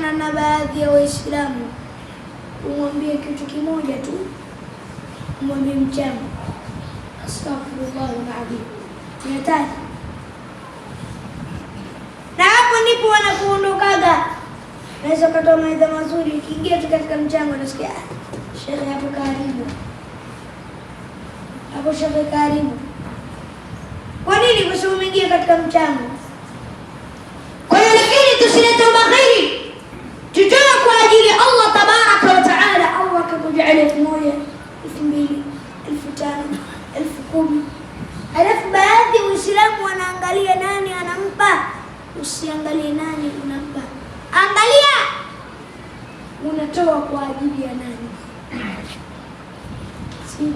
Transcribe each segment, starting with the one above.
kushirikiana na baadhi ya Waislamu, umwambie kitu kimoja tu, umwambie mchana, astaghfirullah alazim Tunataka na hapo ndipo wanakuondokaga Naweza ukatoa maidha mazuri, ukiingia tu katika mchango nasikia ah, shehe hapo karibu, hapo shehe karibu. Kwa nini? Kwa sababu umeingia katika mchango. Usiangalie nani unampa, angalia unatoa kwa ajili ya nani.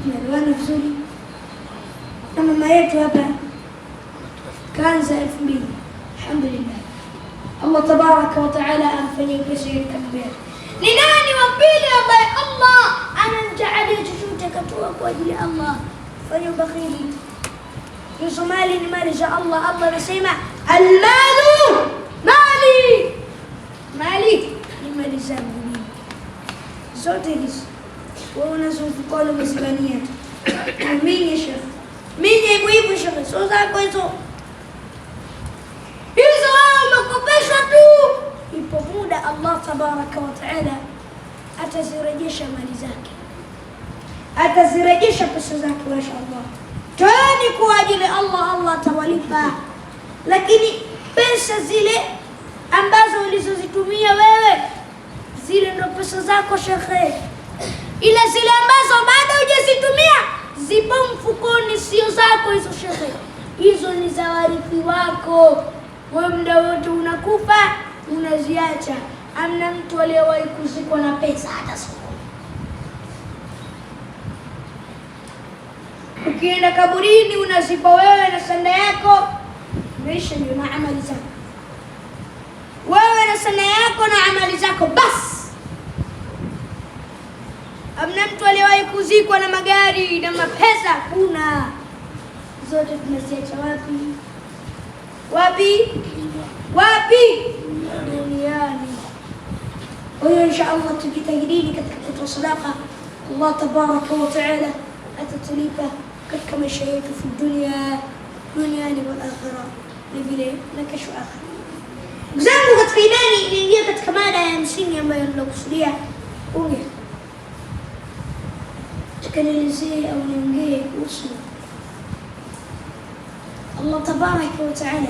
Tunaelewana vizuri? Na mama yetu hapa kaanza elfu mbili. Alhamdulillah, Allah tabaraka wa taala amfanyie pesa katika mbele. Ni nani wa pili ambaye Allah anamjaalia chochote katoa kwa ajili ya Allah? Fanya ubakhili. Ni Somali, ni mali za Allah. Allah anasema almalu Mali, mali ni mali zangu mimi zote hizi. Wewe unazunguka umezibania mimi shekhe, mimi mwivu shekhe, sio zako hizo hizo, wewe umekopesha tu. Ipo muda Allah tabaraka wa taala atazirejesha mali zake, atazirejesha pesa zake insha Allah. Toeni kwa ajili Allah, Allah atawalipa lakini pesa zile ambazo ulizozitumia wewe, zile ndo pesa zako shekhe, ila zile ambazo bado hujazitumia zipo mfukoni, sio zako hizo shekhe, hizo ni za warithi wako. Wewe muda wote unakufa unaziacha. Amna mtu aliyewahi kuzikwa na pesa hata siku. Ukienda kaburini unazipa wewe na sanda yako maisha ndio na amali zako, wewe na sana yako na amali zako basi. Amna mtu aliyewahi kuzikwa na magari na mapesa? Kuna zote tunaziacha wapi? Wapi? Wapi? Duniani. Kwa hiyo insha Allah tujitahidini katika kutoa sadaka. Allah tabaraka wa taala atatulipa katika maisha yetu fi dunia duniani wal akhirah vile na kesho akhera. Ndugu zangu katika imani, iliingia katika mada ya msingi ambayo nilokusudia unge tukanielezee au niongee kuhusu Allah tabaraka wa taala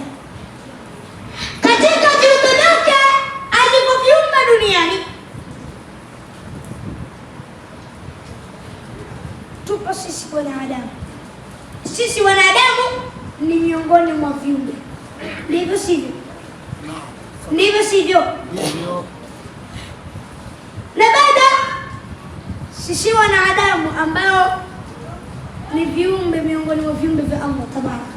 katika viumbe vyake alivyoviumba duniani. Tupo sisi wanadamu, sisi wanadamu ni miongoni mwa viumbe Ndivyo sivyo? Ndivyo sivyo? Na bado sisi wanadamu ambao ni viumbe miongoni mwa viumbe vya Allah tabaraka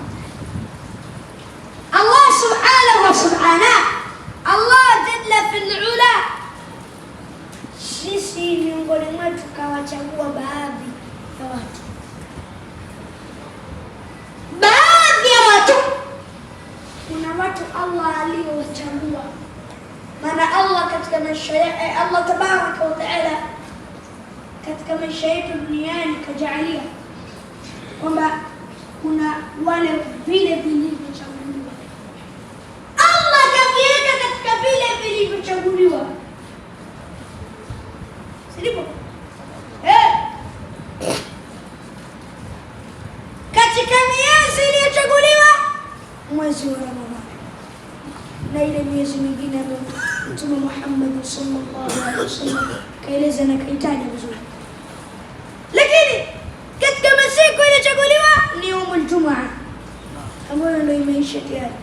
Allah subhanahu wa ta'ala, Allah jalla fil ula, sisi miongoni mwetu kawachagua baadhi ya watu Allah aliyowachagua. Maana Allah katika maisha yake, Allah tabaraka wa taala katika maisha yetu duniani kajaalia kwamba kuna wale vile vilivyochaguliwa. Allah kaviweka katika vile vilivyochaguliwa, sivyo? Eh, katika miezi iliyochaguliwa mwezi wa Ramadhani na ile miezi mingine Mtume Muhammad sallallahu alaihi wasallam kaeleza na kaitaja vizuri, lakini katika masiku ilichaguliwa ni yaumul jumaa ambayo ndio imeisha tayari,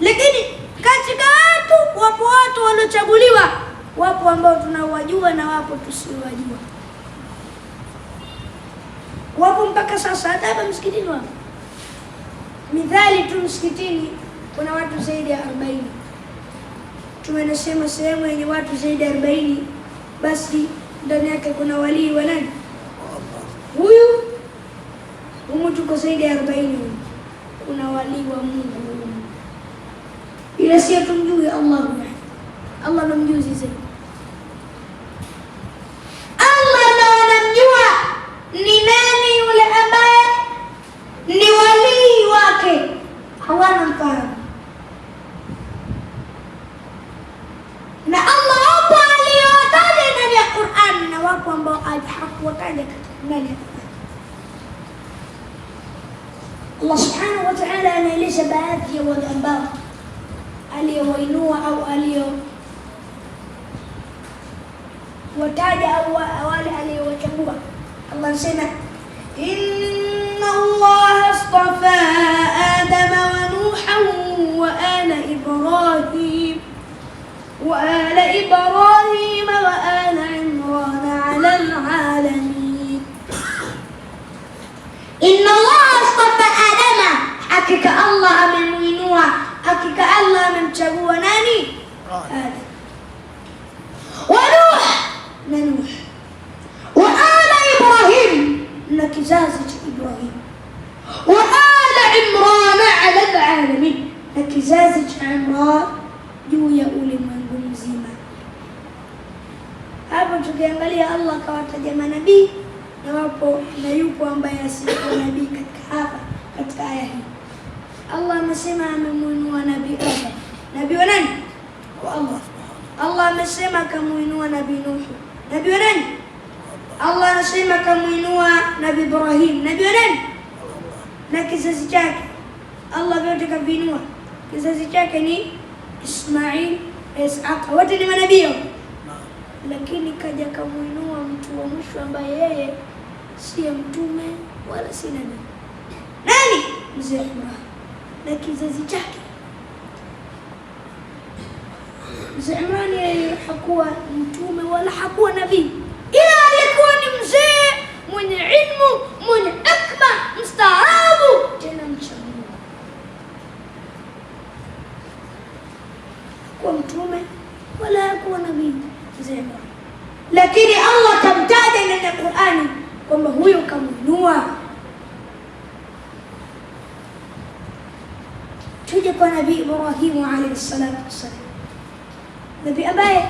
lakini katika watu wapo watu waliochaguliwa, wapo ambao tunawajua na wapo tusiowajua, wapo mpaka sasa hata hapa msikitini wapo midhali tu msikitini kuna watu zaidi ya arobaini. Mtume anasema sehemu yenye watu zaidi ya arobaini, basi ndani yake kuna walii wa nani? Huyu humu tuko zaidi ya arobaini, kuna walii wa Mungu, ila sio tumjui Allah. Allah namjuzi zaidi الله قال حق وقال ملك الله سبحانه وتعالى أنا ليس بآتي وذنبا ألي وينوع أو ألي وتاد أو أوالي ألي وتبوى الله سنة إن الله اصطفى آدم ونوحا وآل إبراهيم وآل إبراهيم وآل العالمين إن الله اصطفى آدم أكك الله من وينوا أكك الله من تشبوا ناني آدم ونوح نوح وآل إبراهيم لك إبراهيم وآل عمران على العالمين لك عمران tukiangalia Allah akawataja manabii na wapo na yupo ambaye asiyekuwa nabii katika hapa katika aya hii. Allah amesema amemuinua nabii Adam. Nabii wa nani? Kwa Allah. Allah amesema akamuinua nabii Nuhu. Nabii wa nani? Allah anasema akamuinua nabii Ibrahim. Nabii wa nani? Na kizazi chake Allah vyote kaviinua. Kizazi chake ni Ismail, Isaaqa. Wote ni manabii lakini kaja kamuinua mtu wa mwisho ambaye yeye siye mtume wala si nani. Nani? Mzee Imran na kizazi chake. Mzee Imran yeye hakuwa mtume wala hakuwa nabii, ila alikuwa ni mzee mwenye ilmu mwenye lakini Allah kamtaja ndani ya Qur'ani kwamba huyo kamuinua. Tuje kwa Nabii Ibrahimu alayhi salatu wassalam, nabii ambaye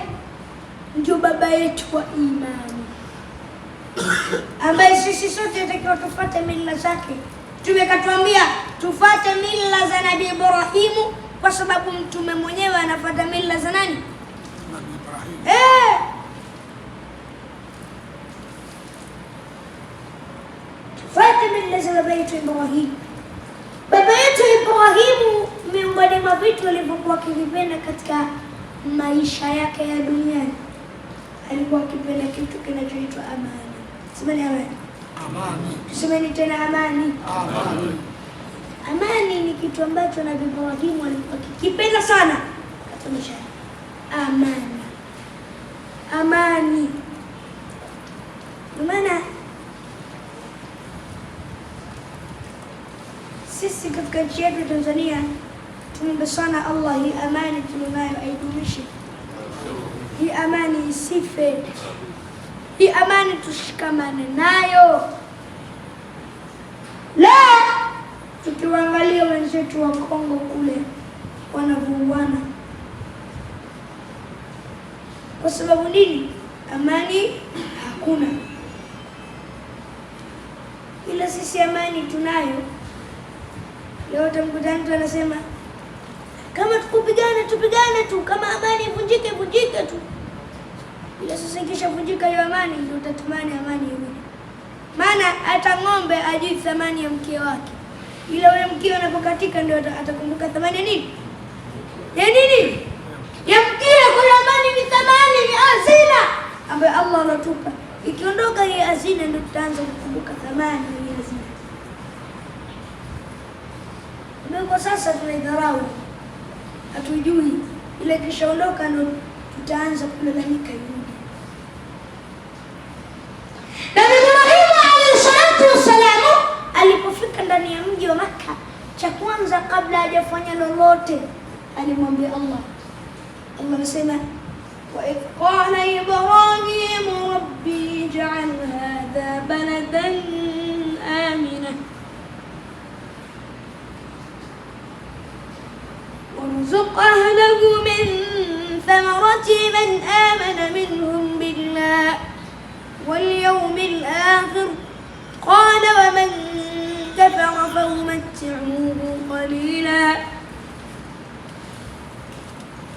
ndio baba yetu wa imani, ambaye sisi sote tunatakiwa tufuate mila zake. Mtume katuambia tufuate mila za Nabii Ibrahimu kwa sababu mtume mwenyewe anafuata mila za nani? Nabii Eh! tuendeleze baba yetu Ibrahimu. Baba yetu Ibrahimu, miongoni mwa vitu alivyokuwa akivipenda katika maisha yake ya duniani, alikuwa akipenda kitu kinachoitwa amani. Semeni amani, amani. Tusemeni tena amani, amani. Amani ni kitu ambacho Nabii Ibrahimu alikuwa akikipenda sana katika maisha yake. Amani, amani, maana sisi katika nchi yetu Tanzania tuombe sana Allah, hii amani tulionayo aidumishe, hii amani isife, hii amani tushikamane nayo. La, tukiwaangalia wenzetu wa Kongo kule wanavuana kwa sababu nini? Amani hakuna, ila sisi amani tunayo. Leo utamkuta mtu anasema kama tukupigane tupigane tu, kama amani ivunjike vunjike tu. Ila sasa ikishavunjika hiyo amani, ndio utatamani amani irudi. Maana hata ng'ombe ajui thamani ya mkia wake, ila ule mkia anapokatika ndio atakumbuka thamani ya nini, ya nini, ya mkia. Kwa amani ni thamani, ni hazina ambayo Allah anatupa. Ikiondoka hii hazina, ndio tutaanza kukumbuka thamani kwa sasa tunaidharau, hatujui ile kishaondoka, ndo tutaanza kulalamika Yuda. alipofika ndani ya mji wa Makka, cha kwanza kabla hajafanya lolote, alimwambia Allah. Allah amesema waidh qala Ibrahimu rabbi ij'al hadha baladan amina ارزق أهله من ثمرة من آمن منهم بالله واليوم الآخر قال ومن كفر فأمتعوه قليلا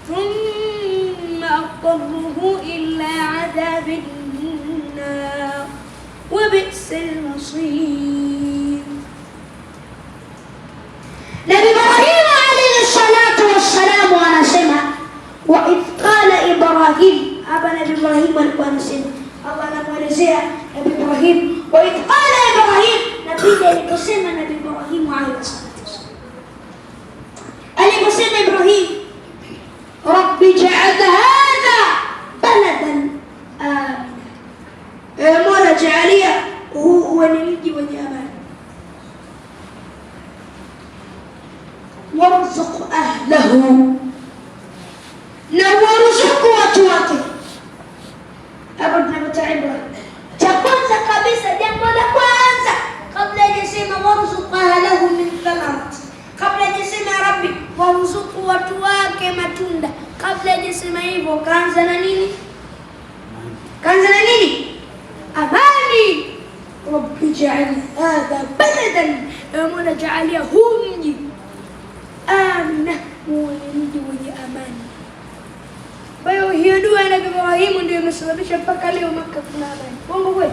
ثم أضطره إلى عذاب النار وبئس المصير wa idh qala Ibrahim, hapa Nabii Ibrahim alikuwa anasema watu wake matunda. Kabla hajasema hivyo, kaanza na nini? Kaanza na nini? Amani. Rabbi jaali hadha baladan amana, jaalia huu mji amna, muone mji wenye amani. Kwa hiyo hiyo dua ya Nabii Ibrahim ndio imesababisha mpaka leo Maka kuna amani. Bongo kweli,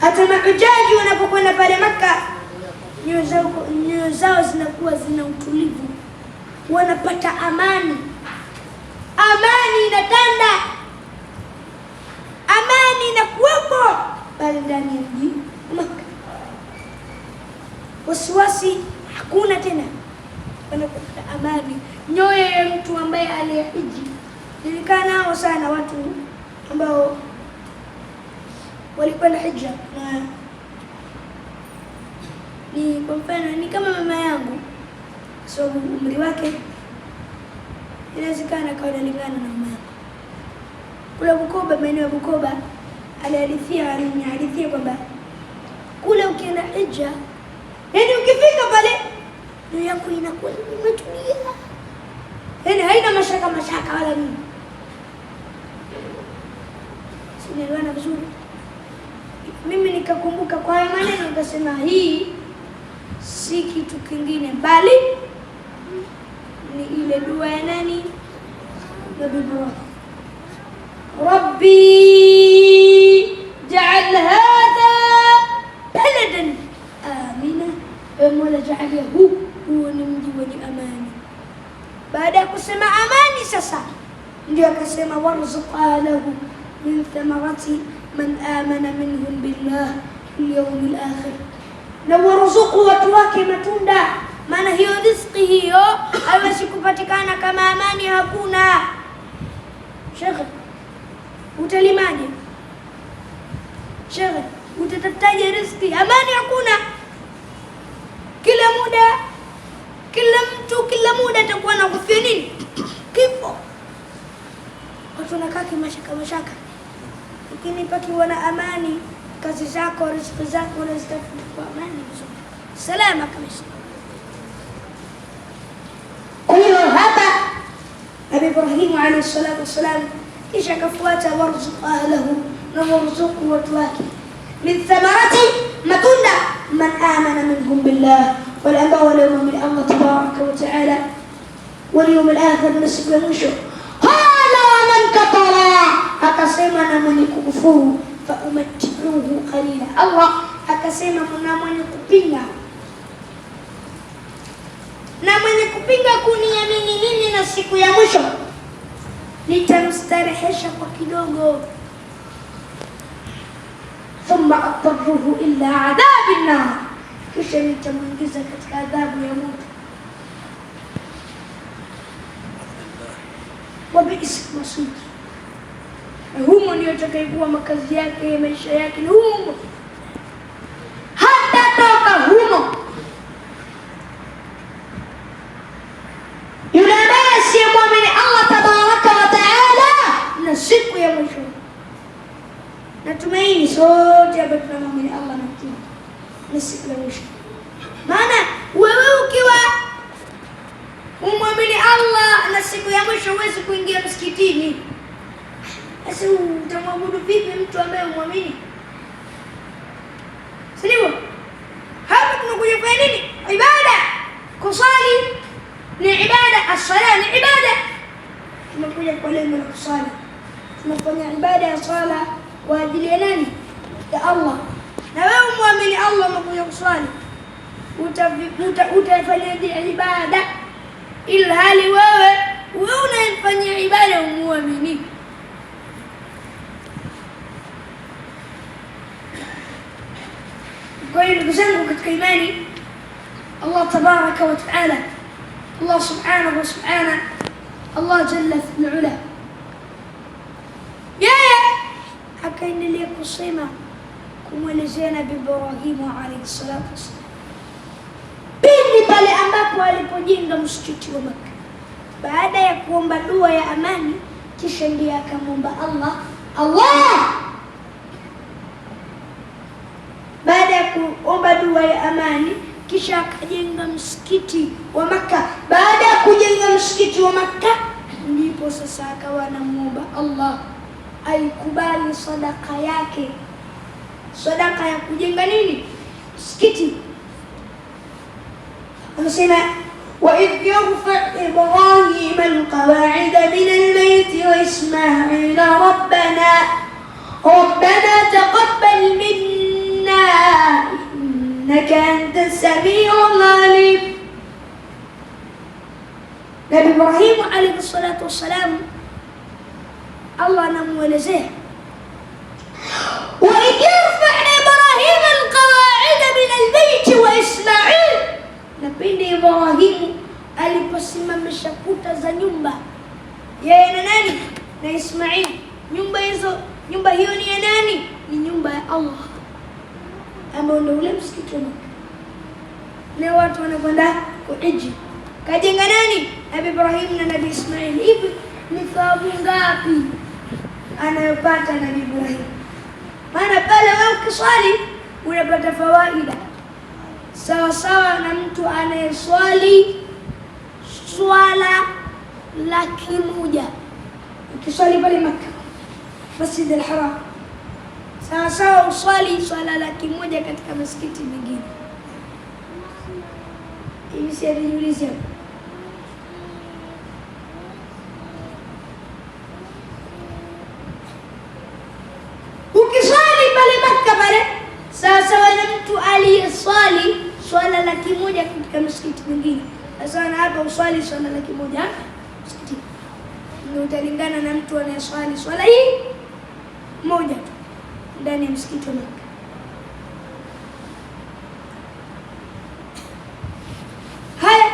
hata mahujaji wanapokwenda pale Maka nyoyo zao zinakuwa zina utulivu wanapata amani. Amani inatanda, amani inakuwepo pale ndani ya mji Maka. Wasiwasi hakuna tena, wanapata amani. Nyoyo ya mtu ambaye aliyehiji ilikaa nao sana, watu ambao walikwenda hija na ni kwa mfano ni kama mama yangu so umri wake inawezekana akawa inalingana na mama. Kule Bukoba, maeneo ya Bukoba, alihadithia alihadithia kwamba kule ukienda hija, yani ukifika pale ndio yako inakuwa imetulia, yaani haina mashaka mashaka wala nini. Sinaelewana vizuri. Mimi nikakumbuka kwa haya maneno, nikasema hii si kitu kingine bali إلى دواناني نبي ربي جعل هذا بلدا آمنا ومولا جعل هو هو نمدي ولي أماني بعد أقسم أماني سسا ندي أقسم وارزق آله من ثمرات من آمن منهم بالله في اليوم الآخر لو رزقوا وتواكي متوندا ما نهي hali hiyo haiwezi kupatikana kama amani hakuna. Shekhe, utalimaje? Shekhe, utatafutaje riziki? Amani hakuna. Kila muda, kila mtu, kila muda atakuwa na kufia nini? Kifo. Watu wanakaa kimashaka mashaka, lakini pakiwa na amani, kazi zako, riziki zako unazitafuta kwa amani, salama kabisa. النبي ابراهيم عليه الصلاه والسلام ايش كفواته وارزق اهله وارزقه واطلاقه من ثمرة ما كنا من امن منهم بالله والاباء واليوم من الله تبارك وتعالى واليوم الاخر نسب مشو هذا ومن كفر اقسم انا من كفوه فامتعوه قليلا الله اقسم انا من كفينه na mwenye kupinga kuniamini mimi na siku ya mwisho nitamstarehesha kwa kidogo, thumma ataruhu illa adhabi nar, kisha nitamwingiza katika adhabu ya moto. Wabiisa masiji, humo ndio atakayekuwa makazi yake ya maisha yake ni humo. zote ambayo tunamwamini Allah na mtume ni siku ya mwisho. Maana wewe ukiwa umwamini Allah na siku ya mwisho huwezi kuingia msikitini. Sasa utamwabudu vipi mtu ambaye umwamini? Si ndivyo? Hapa tunakuja kufanya nini? Ibada. Kusali ni ibada, as-sala ni ibada. Tunakuja kwa lengo la kusali. Tunafanya ibada ya sala kwa ajili ya nani? ya Allah, na wewe umwamini Allah unakuja kuswali, utaifanyia ibada ila hali wewe wewe unaifanyia ibada umuamini Kwa hiyo ndugu zangu katika imani, Allah tabaraka wa taala, Allah subhanahu wa subhana, Allah jalla fil ula, yeye akaendelea kusema kumwelezea Nabii Ibrahimu alayhi salatu wassalam. Pindi pale ambapo alipojenga msikiti wa makka baada ya kuomba dua ya amani, kisha ndiye akamwomba Allah Allah baada ya kuomba dua ya amani kisha akajenga msikiti wa Maka. Baada ya kujenga msikiti wa Maka, ndipo sasa akawa anamuomba Allah aikubali sadaka yake. sadaka ya kujenga nini msikiti. Anasema waidh yarfa Ibrahima alqawaida min albayti wa Ismaila rabbana rabbana taqabbal minna innaka anta samiul alim. Nabii Ibrahim alayhi salatu wassalam, Allah anamwelezea وإذ يرفع إبراهيم القواعد من البيت وإسماعيل na pindi Ibrahimu aliposimamisha kuta za nyumba yeye na nani na Ismail, nyumba hizo, nyumba hiyo ni ya nani? Ni nyumba ya Allah, ambao ndio ule msikiti. Leo watu wanakwenda kuhiji, kajenga nani? nabi Ibrahim na nabi Ismail. Hivi ni thawabu ngapi anayopata nabi Ibrahim? maana pale wewe ukiswali unapata fawaida sawa sawa na mtu anayeswali swala laki moja ukiswali pale Maka Masjid al-Haram sawa sawa uswali swala laki moja katika masikiti mengine hivi siarijulisha Sasa wale mtu aliyeswali swala laki moja katika msikiti mwingine, sasa na hapa uswali swala laki moja msikiti, ndio utalingana na mtu anayeswali swala hii moja tu ndani ya msikiti wa Maka. Haya,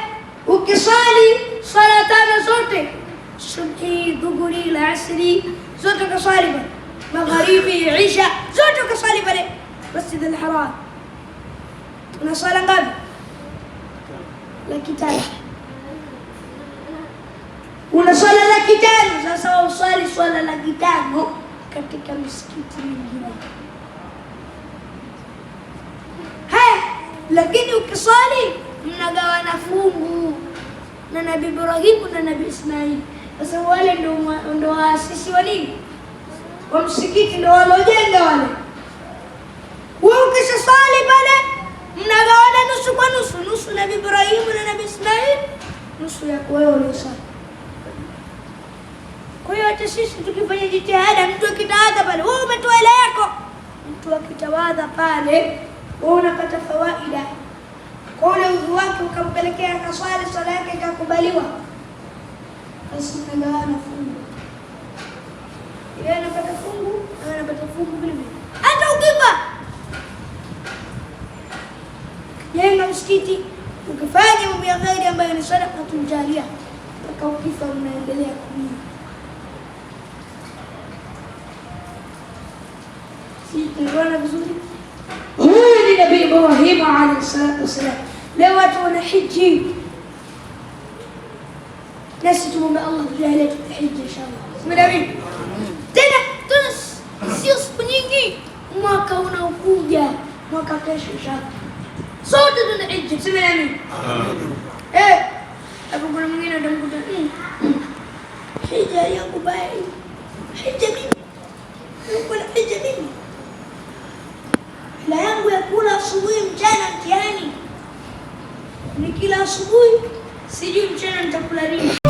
ukiswali swala tano zote subhi, dhuhuri, alasiri zote ukaswali pale, magharibi, isha zote ukaswali pale Masjid al-Haram. Una swala ngapi? Laki tano. Una swala laki tano. Sasa wauswali swala laki tano katika msikiti mingine. Haya, lakini ukiswali mnagawana fungu na Nabii Ibrahimu na Nabii Ismaili. Sasa wale ndo waasisi wa nini? Wa msikiti ndo walojenga wale nusu Nabii Ibrahimu na Nabii Ismail, nusu oh, oh, ya wewe uliosali. Kwa hiyo hata sisi tukifanya jitihada, mtu akitawadha pale, wewe umetoa hela yako. Mtu akitawadha pale, wewe unapata fawaida kwa ule udhu wake, ukampelekea akaswali, swala yake ikakubaliwa, basi mnagawana fungu. Yeye ah, anapata fungu na anapata fungu vile vile, hata ukiba jenga msikiti ukifanya mambo ya kheri ambayo ni sadaka tunjalia mpaka ukifa unaendelea kulia. Si tunaona vizuri, huyu ni Nabii Ibrahim alayhi salatu wassalam. Leo watu wana hiji nasi tumwombe Allah tujalie tuhiji inshallah. Mdawi tena tunas, sio siku nyingi, mwaka unaokuja, mwaka kesho inshallah sote tuna inchi tunaamini. Eh, hapo kuna mwingine atamkuta mm. Hija yangu baya hii. Hija mimi. Yuko na hija mimi. Na yangu ya kula asubuhi mchana mtihani. Ni kila asubuhi sijui mchana nitakula nini.